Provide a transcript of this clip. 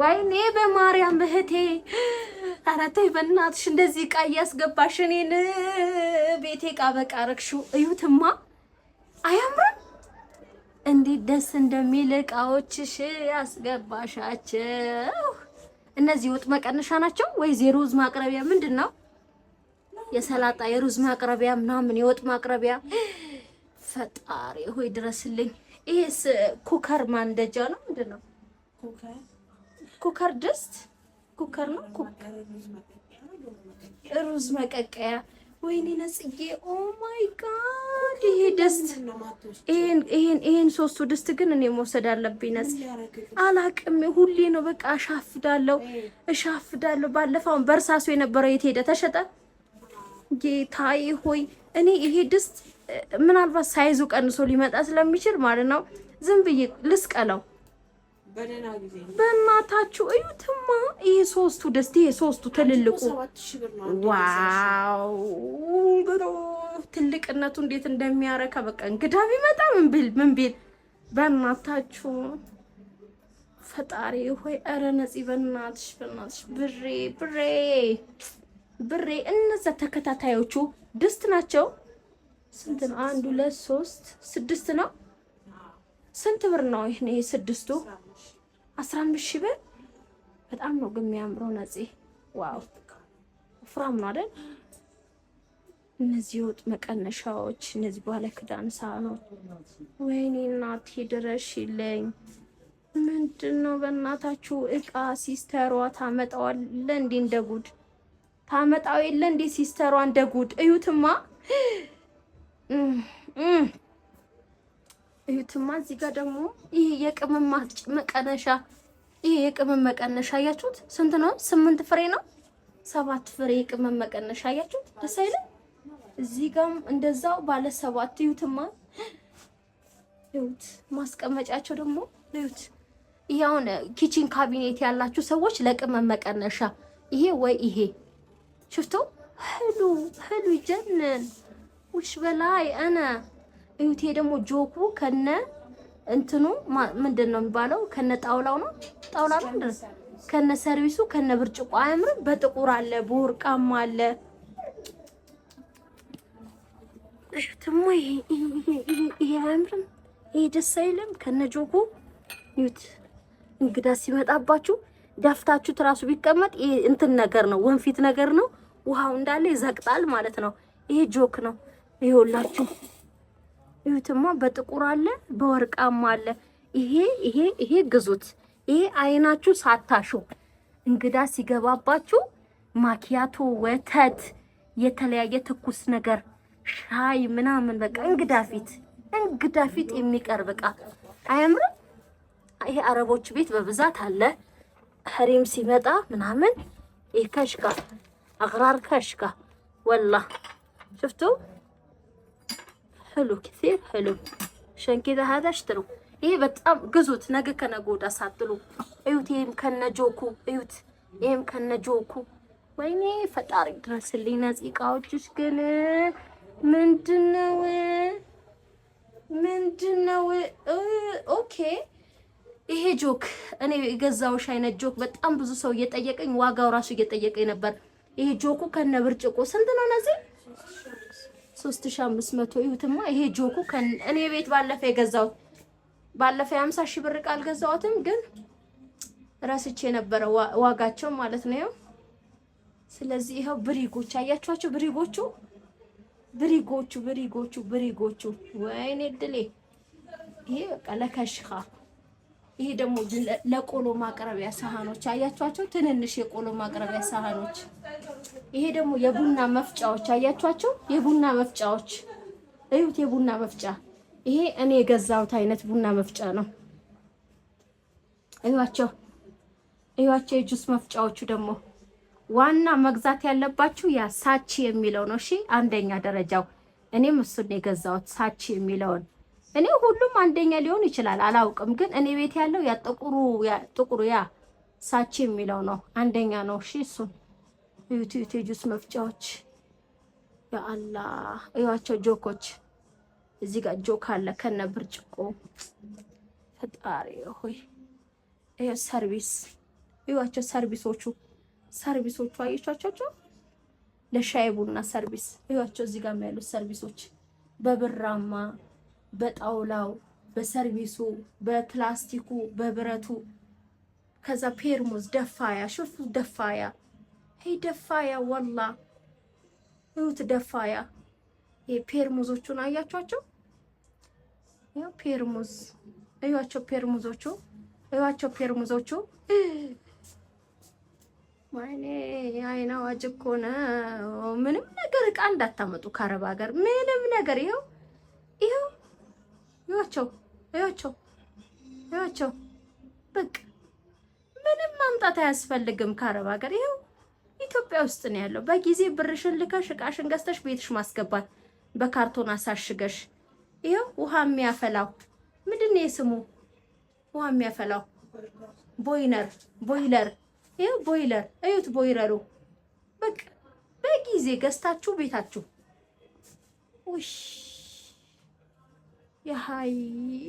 ወይኔ በማርያም እህቴ፣ ኧረ ተይ በእናትሽ እንደዚህ እቃ እያስገባሽ እኔን ቤቴ ዕቃ በቃ ረግሽው። እዩትማ አያምርም? እንዴት ደስ እንደሚል ዕቃዎችሽ ያስገባሻቸው። እነዚህ ወጥ መቀነሻ ናቸው ወይስ የሩዝ ማቅረቢያ? ምንድን ነው የሰላጣ የሩዝ ማቅረቢያ ምናምን የወጥ ማቅረቢያ። ፈጣሪ ሆይ ድረስልኝ። ይሄስ ኩከር ማንደጃ ነው ምንድን ነው? ኩከር ድስት ኩከር ነው። ሩዝ መቀቀያ። ወይኔ ነጽዬ፣ ኦ ማይ ጋድ! ይሄ ድስት ይሄን ሶስቱ ድስት ግን እኔ መውሰድ አለብኝ። ነጽ አላቅም። ሁሌ ነው በቃ እሻፍዳለሁ፣ እሻፍዳለሁ። ባለፈውን በእርሳሱ የነበረው የት ሄደ? ተሸጠ። ጌታዬ ሆይ እኔ ይሄ ድስት ምናልባት ሳይዙ ቀንሶ ሊመጣ ስለሚችል ማለት ነው ዝም ብዬ ልስቀለው በእናታችሁ እዩትማ። ይሄ ሶስቱ ደስቲ ይሄ ሶስቱ ትልልቁ ዋው! ትልቅነቱ እንዴት እንደሚያረካ በቃ እንግዳ ቢመጣ ምን ቢል ምን ቢል በእናታችሁ ፈጣሪ ሆይ ኧረ ነፂ በእናትሽ በእናትሽ ብሬ ብሬ ብሬ እነዛ ተከታታዮቹ ድስት ናቸው። ስንት ነው? አንድ ሁለት ሶስት ስድስት ነው። ስንት ብር ነው? ይሄ ስድስቱ አስራ አምስት ሺህ ብር በጣም ነው ግን የሚያምረው። ነፂ ዋው ፍራም ነው አይደል? እነዚህ ወጥ መቀነሻዎች፣ እነዚህ ባለ ክዳን ሳህኖች፣ ወይኔ እናቴ ድረሽልኝ። ምንድን ነው በእናታችሁ እቃ ሲስተሯ ታመጣዋለ እንዴ እንደ ጉድ ታመጣው የለ እንዴ ሲስተሯ እንደ ጉድ እዩትማ እዩትማ። እዚህ ጋር ደግሞ ይሄ የቅመም መቀነሻ ይሄ የቅመም መቀነሻ አያችሁት? ስንት ነው? ስምንት ፍሬ ነው። ሰባት ፍሬ የቅመም መቀነሻ አያችሁት? ደስ አይልም? እዚህ ጋርም እንደዛው ባለ ሰባት እዩትማ። እዩት ማስቀመጫቸው ደግሞ እዩት። ይሄውን ኪችን ካቢኔት ያላችሁ ሰዎች ለቅመም መቀነሻ ይሄ ወይ ይሄ ሽፍቶ ህሉ ህሉ ይጀንን ውሽ በላይ አነ እዩቴ ደግሞ ጆኩ ከነ እንትኑ ምንድን ነው የሚባለው? ከነ ጣውላው ነው ጣውላ ነው ከነ ሰርቪሱ ከነ ብርጭቆ አያምርም? በጥቁር አለ፣ በወርቃማ አለ። እሽትሞ ይሄ አያምርም? ይሄ ደስ አይልም? ከነ ጆኩ ዩት እንግዳ ሲመጣባችሁ ደፍታችሁት ትራሱ ቢቀመጥ ይሄ እንትን ነገር ነው፣ ወንፊት ነገር ነው። ውሃው እንዳለ ይዘቅጣል ማለት ነው። ይሄ ጆክ ነው ይኸውላችሁ። እዩትማ፣ በጥቁር አለ፣ በወርቃማ አለ። ይሄ ይሄ ይሄ ግዙት። ይሄ አይናችሁ ሳታሹ እንግዳ ሲገባባችሁ ማኪያቶ፣ ወተት፣ የተለያየ ትኩስ ነገር፣ ሻይ ምናምን በቃ እንግዳ ፊት እንግዳ ፊት የሚቀርብ እቃ አያምርም? ይሄ አረቦች ቤት በብዛት አለ። ሐሪም ሲመጣ ምናምን ይሄ ከሽካ አቅራር ከሽካ ወላ ሽፍቱ ህሉ ክሲር ህሉ ሸንኪዛ ሀዛ ሽትሩ ይሄ በጣም ግዙት። ነገ ከነገ ወዲያ ሳጥሉ እዩት። ይሄም ከነ ጆኩ እዩት። ይሄም ከነ ጆኩ ወይኔ ፈጣሪ ድረስልኝ። ነዚህ እቃዎችሽ ግን ምንድነው ምንድነው? ኦኬ ይሄ ጆክ እኔ የገዛውሽ አይነት ጆክ በጣም ብዙ ሰው እየጠየቀኝ ዋጋው ራሱ እየጠየቀኝ ነበር። ይሄ ጆኩ ከነ ብርጭቆ ስንት ነው ነዚህ 3500 ይሁትማ። ይሄ ጆኩ እኔ ቤት ባለፈ የገዛሁት ባለፈ 50 ሺህ ብር ዕቃ አልገዛሁትም፣ ግን ረስቼ ነበረ ዋጋቸው ማለት ነው። ይኸው ስለዚህ ይኸው ብሪጎች አያችኋቸው፣ ብሪጎቹ ብሪጎቹ ብሪጎቹ ብሪጎቹ፣ ወይኔ ድሌ! ይሄ በቃ ለከሽኻ ይሄ ደግሞ ለቆሎ ማቅረቢያ ሳህኖች አያችኋቸው፣ ትንንሽ የቆሎ ማቅረቢያ ሳህኖች። ይሄ ደግሞ የቡና መፍጫዎች አያችኋቸው፣ የቡና መፍጫዎች እዩት፣ የቡና መፍጫ። ይሄ እኔ የገዛሁት አይነት ቡና መፍጫ ነው። እዩዋቸው፣ እዩዋቸው። የጁስ መፍጫዎቹ ደግሞ ዋና መግዛት ያለባችሁ ያ ሳቺ የሚለው ነው። እሺ፣ አንደኛ ደረጃው እኔም እሱን የገዛሁት ሳቺ የሚለውን እኔ ሁሉም አንደኛ ሊሆን ይችላል አላውቅም፣ ግን እኔ ቤት ያለው ያ ጥቁሩ ያ ሳቺ የሚለው ነው አንደኛ ነው። እሺ እሱን እዩት፣ እዩት። የጁስ መፍጫዎች ያአላህ እዩዋቸው፣ ጆኮች እዚህ ጋር ጆክ አለ ከነ ብርጭቆ። ፈጣሪ ሆይ እዩ፣ ሰርቪስ እዩዋቸው፣ ሰርቪሶቹ ሰርቪሶቹ አየቻቸው፣ ለሻይ ቡና ሰርቪስ እዩዋቸው። እዚህ ጋር ያሉት ሰርቪሶች በብራማ በጣውላው፣ በሰርቪሱ፣ በፕላስቲኩ፣ በብረቱ ከዛ ፔርሙዝ ደፋያ ሹፉ ደፋያ ሄይ ደፋያ ወላ እዩት ደፋያ። ፔርሙዞቹን አያቸዋቸው ያው ፔርሙዝ እዩዋቸው ፔርሙዞቹ እዩዋቸው ፔርሙዞቹ ማኔ አይና ዋጅ እኮ ነው። ምንም ነገር እቃ እንዳታመጡ ከአረብ ሀገር ምንም ነገር ይኸው ይኸው እያቸው እያቸው እያቸው በቃ ምንም ማምጣት አያስፈልግም ከአረብ ሀገር። ይኸው ኢትዮጵያ ውስጥ ነው ያለው። በጊዜ ብርሽን ልከሽ እቃሽን ገዝተሽ ቤትሽ ማስገባት በካርቶን አሳሽገሽ። ይኸው ውሃ የሚያፈላው ምንድን ነው የስሙ? ውሃ የሚያፈላው ቦይለር ቦይለር፣ ይኸው ቦይለር እዩት፣ ቦይለሩ በቃ በጊዜ ገዝታችሁ ቤታችሁ ውሽ 又係。